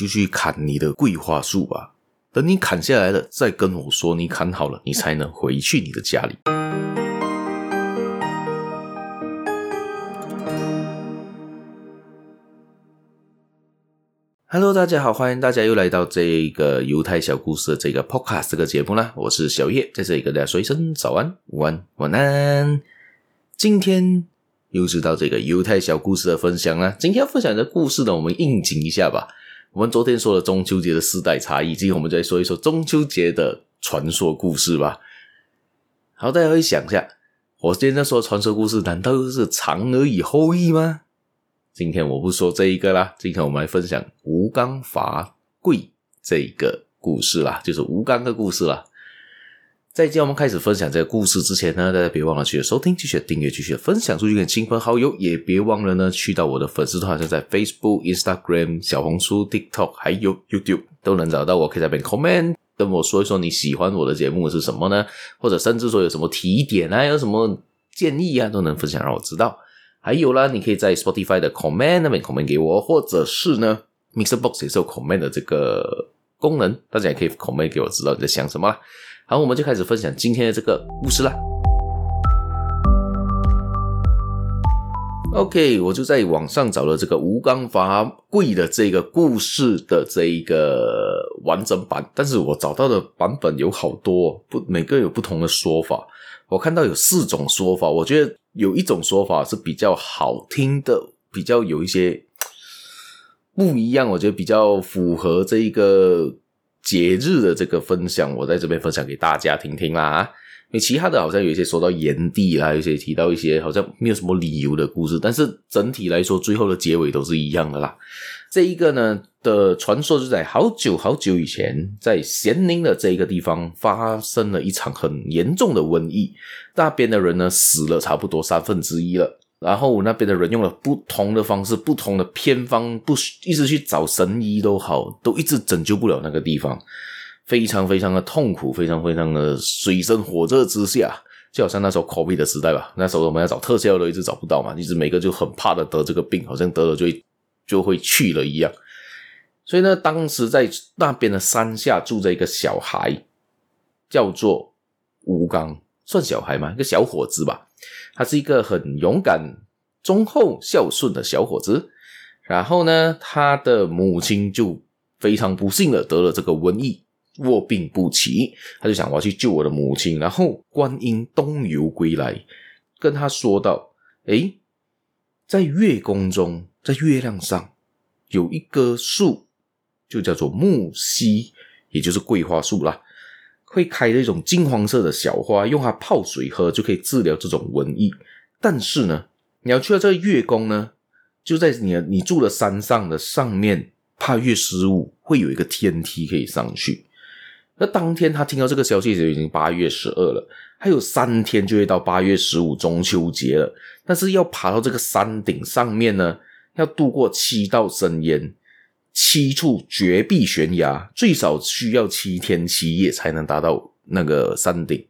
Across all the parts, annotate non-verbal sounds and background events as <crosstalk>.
就去砍你的桂花樹吧。等你砍下來了，再跟我說你砍好了，你才能回去你的家裡。 <music> Hello，大家好，歡迎大家又來到這個猶太小故事的這個 Podcast 這個節目啦。我是小葉，在這裡跟大家說一聲早安、午安、晚安。今天又是到這個猶太小故事的分享啦，今天要分享的故事呢，我們應景一下吧。我們昨天說了中秋節的世代差異，今天我們再來說一說中秋節的傳說故事吧。好，大家可以想一下，我今天在說傳說故事，難道又是嫦娥與后羿嗎？今天我不說這一個啦，今天我們來分享吳剛伐桂這一個故事啦，就是吳剛的故事啦。在今天我們開始分享這個故事之前呢，大家別忘了去收聽、去訂閱、去分享出去跟親朋好友，也別忘了呢去到我的粉絲團，像在 Facebook、Instagram、小紅書、TikTok 還有 YouTube 都能找到我。可以在那邊 comment 跟我說一說你喜歡我的節目是什麼呢，或者甚至說有什麼提點啊，有什麼建議啊，都能分享讓我知道。還有啦，你可以在 Spotify 的 comment 那邊 comment 給我，或者是呢，MixerBox 也是有 comment 的這個功能，大家也可以 comment 給我知道你在想什麼啦。好，我們就開始分享今天的這個故事啦。OK，我就在網上找了這個吳剛伐桂的這個故事的這一個完整版，但是我找到的版本有好多，不，每個有不同的說法。我看到有四種說法，我覺得有一種說法是比較好聽的，比較有一些不一樣，我覺得比較符合這一個。節日的這個分享，我在這邊分享給大家聽聽啦。你其他的好像有一些說到炎帝啦，有些提到一些好像沒有什麼理由的故事，但是整體來說，最後的結尾都是一樣的啦。這一個呢的傳說就是在好久好久以前，在咸寧的這一個地方發生了一場很嚴重的瘟疫，那邊的人呢死了差不多三分之一了。然後我那邊的人用了不同的方式，不同的偏方，不，一直去找神醫都好，都一直拯救不了那個地方，非常非常的痛苦，非常非常的水深火熱之下，就好像那時候 COVID 的時代吧，那時候我們要找特效都一直找不到嘛，一直每個就很怕的得，得這個病，好像得了就會就會去了一樣。所以呢，當時在那邊的山下住着一個小孩，叫做吳剛，算小孩嗎？一個小伙子吧。他是一個很勇敢、忠厚、孝順的小伙子。然後呢，他的母親就非常不幸了，得了這個瘟疫，臥病不起。他就想我要去救我的母親。然後觀音東遊歸來，跟他說道：“誒，在月宮中，在月亮上有一棵樹，就叫做木犀，也就是桂花樹啦。”會開那種金黃色的小花，用它泡水喝就可以治療這種瘟疫。但是呢，你要去到這個月宮呢，就在你你住的山上的上面，八月十五會有一個天梯可以上去。那當天他聽到這個消息時，已經八月十二了，還有三天就會到八月十五中秋節了。但是要爬到這個山頂上面呢，要度過七道深淵。七處絕壁懸崖，最少需要七天七夜才能達到那個山頂。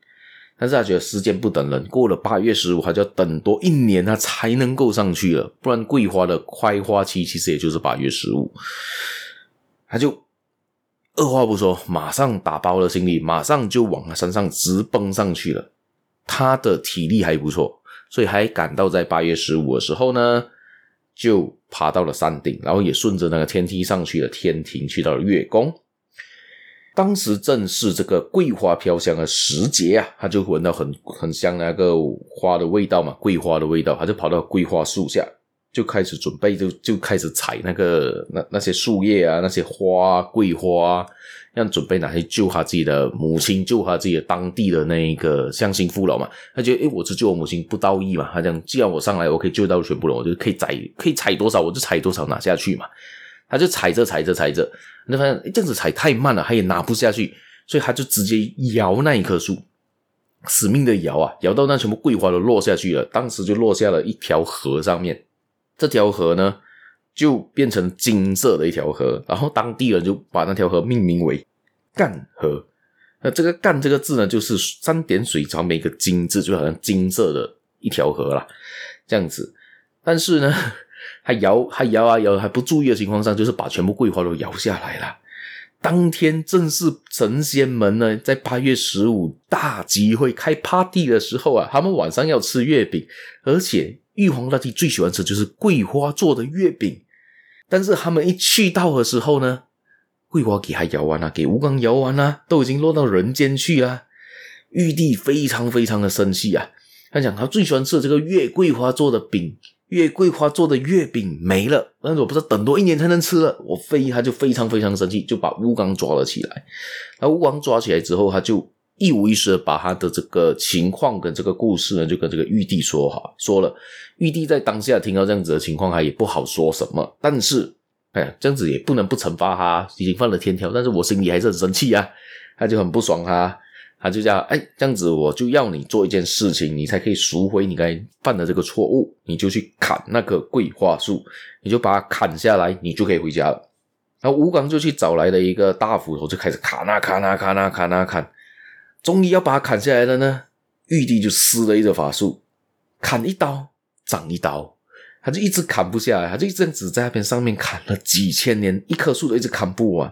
但是他覺得時間不等人，過了八月十五，他就要等多一年，他才能夠上去了。不然，桂花的開花期其實也就是八月十五。他就二話不說，馬上打包了行李，馬上就往他山上直奔上去了。他的體力還不錯，所以還趕到在八月十五的時候呢，就爬到了山頂，然後也順着那個天梯上去了天庭，去到了月宮。當時正是這個桂花飄香的時節啊，他就聞到很很香那個花的味道嘛，桂花的味道，他就跑到桂花樹下。就開始準備就，就就開始採那個那那些樹葉啊，那些花，桂花啊，要準備拿去救他自己的母親，救他自己的當地的那一個鄉親父老嘛。他覺得，誒，我只救我母親不道義嘛。他這樣，既然我上來，我可以救到全部人，我就可以採，可以採多少我就採多少拿下去嘛。他就採着採着採着，那發現這樣子採太慢了，他也拿不下去，所以他就直接搖那一棵樹，死命的搖啊，搖到那全部桂花都落下去了，當時就落下了一條河上面。這條河呢，就變成金色的一條河，然後當地人就把那條河命名為“干河”。那這個“干”這個字呢，就是三點水旁邊一個“金”字，就好像金色的一條河啦，這樣子。但是呢，他搖，還搖啊搖，還不注意的情況下，就是把全部桂花都搖下來了。當天正是神仙們呢，在八月十五大集會開 party 的時候啊，他們晚上要吃月餅，而且玉皇大帝最喜歡吃就是桂花做的月餅。但是他們一去到的時候呢，桂花給他搖完了啊，給吳剛搖完啦啊，都已經落到人間去了啊。玉帝非常非常的生氣啊，他講他最喜歡吃的這個月桂花做的餅。月桂花做的月餅沒了，但是我不知道等多一年才能吃了，我非他就非常非常生氣，就把吳剛抓了起來。那吳剛抓起來之後，他就一五一十的把他的這個情況跟這個故事呢，就跟這個玉帝說哈，說了。玉帝在當下聽到這樣子的情況，他也不好說什麼，但是哎呀，這樣子也不能不懲罰他，已經犯了天條，但是我心裡還是很生氣啊，他就很不爽哈、啊。他就講，哎，這樣子，我就要你做一件事情，你才可以贖回你該犯的這個錯誤。你就去砍那棵桂花樹，你就把它砍下來，你就可以回家了。然後吳剛就去找來了一個大斧頭，就開始砍啊，砍啊砍啊砍啊砍啊砍，終於要把它砍下來了呢。玉帝就施了一個法術，砍一刀長一刀。他就一直砍不下來，他就一直只在那邊上面砍了幾千年，一棵樹都一直砍不完。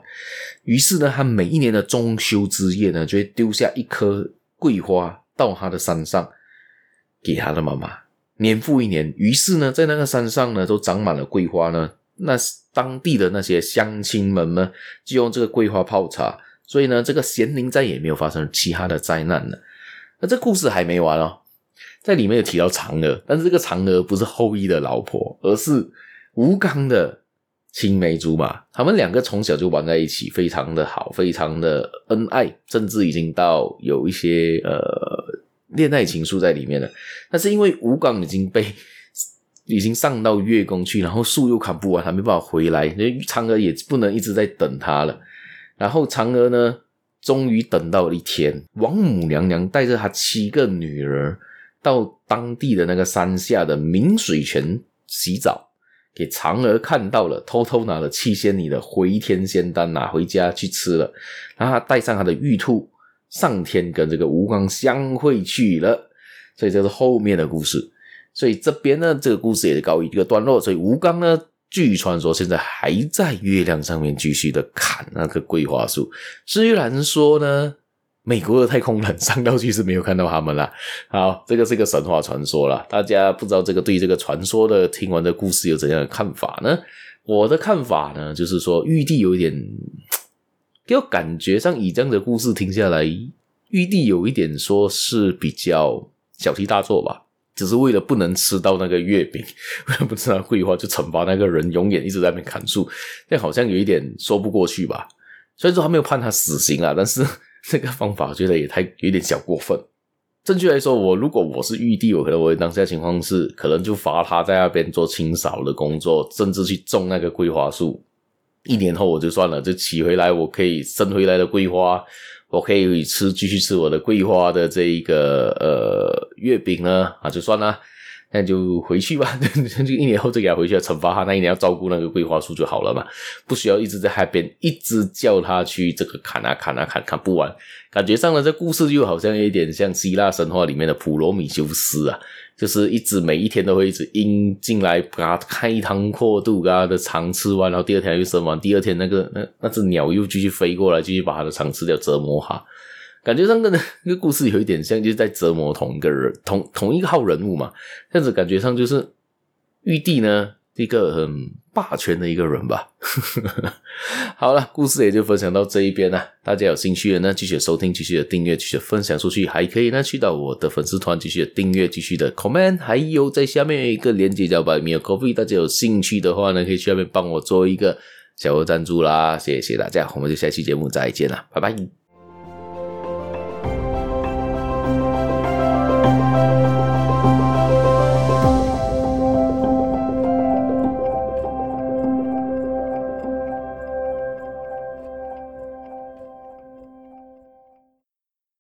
於是呢，他每一年的中秋之夜呢，就會丟下一顆桂花到他的山上，給他的媽媽。年復一年，於是呢，在那個山上呢，都長滿了桂花呢。那當地的那些鄉親們呢，就用這個桂花泡茶。所以呢，這個鹹寧再也沒有發生其他的災難了。那這故事還沒完哦。在裡面有提到嫦娥，但是這個嫦娥不是後羿的老婆，而是吳剛的青梅竹馬。他們兩個從小就玩在一起，非常的好，非常的恩愛，甚至已經到有一些呃戀愛情愫在裡面了。但是因為吳剛已經被已經上到月宮去，然後樹又砍不完，他沒辦法回來，所以嫦娥也不能一直在等他了。然後嫦娥呢，終於等到一天，王母娘娘帶着她七個女兒。到當地的那個山下的明水泉洗澡，給嫦娥看到了，偷偷拿了七仙女的回天仙丹拿回家去吃了，然後帶上他的玉兔上天跟這個吳剛相會去了，所以這是後面的故事。所以這邊呢，這個故事也是告一個段落。所以吳剛呢，據傳說現在還在月亮上面繼續的砍那個桂花樹。雖然說呢，美國的太空人上到去，是沒有看到他們了，好，這個是一個神話傳說了，大家不知道這個對這個傳說的聽完的故事有怎樣的看法呢？我的看法呢，就是說玉帝有一點，給我感覺上以這樣的故事聽下來，玉帝有一點說是比較小題大做吧，只是為了不能吃到那個月餅，為了不吃到桂花就懲罰那個人永遠一直在那邊砍樹，這好像有一點說不過去吧？雖然說他沒有判他死刑啊，但是。這、那個方法我覺得也太有點小過分。正確來說，我如果我是玉帝，我可能我會當下情況是，可能就罰他在那邊做清掃的工作，甚至去種那個桂花樹。一年後我就算了，就取回來，我可以生回來的桂花，我可以吃，繼續吃我的桂花的這一個呃月餅呢，啊就算了。那就回去吧， <laughs> 就一年後再給他回去懲罰他，那一年要照顧那個桂花樹就好了嘛，不需要一直在海邊，一直叫他去這個砍啊砍啊砍,啊砍，砍不完。感覺上了這故事，就好像有點像希臘神話裡面的普羅米修斯啊，就是一直每一天都會一直陰進來，給他開膛破肚，給他的腸吃完，然後第二天又生完，第二天那個那那只鳥又繼續飛過來，繼續把他的腸吃掉折磨哈感覺上跟呢，這個故事有一點像，就是在折磨同一個人，同同一個號人物嘛。這樣子感覺上就是玉帝呢，一個很霸權的一個人吧。 <laughs> 好了，故事也就分享到這一邊了。大家有興趣的呢，繼續收聽，繼續的訂閱，繼續分享出去，還可以呢，去到我的粉絲團繼續的訂閱，繼續的 comment。還有在下面有一個鏈接叫 Buy Me A Coffee，大家有興趣的話呢，可以去下面幫我做一個小額贊助啦。謝謝大家，我們就下期節目再見啦，拜拜。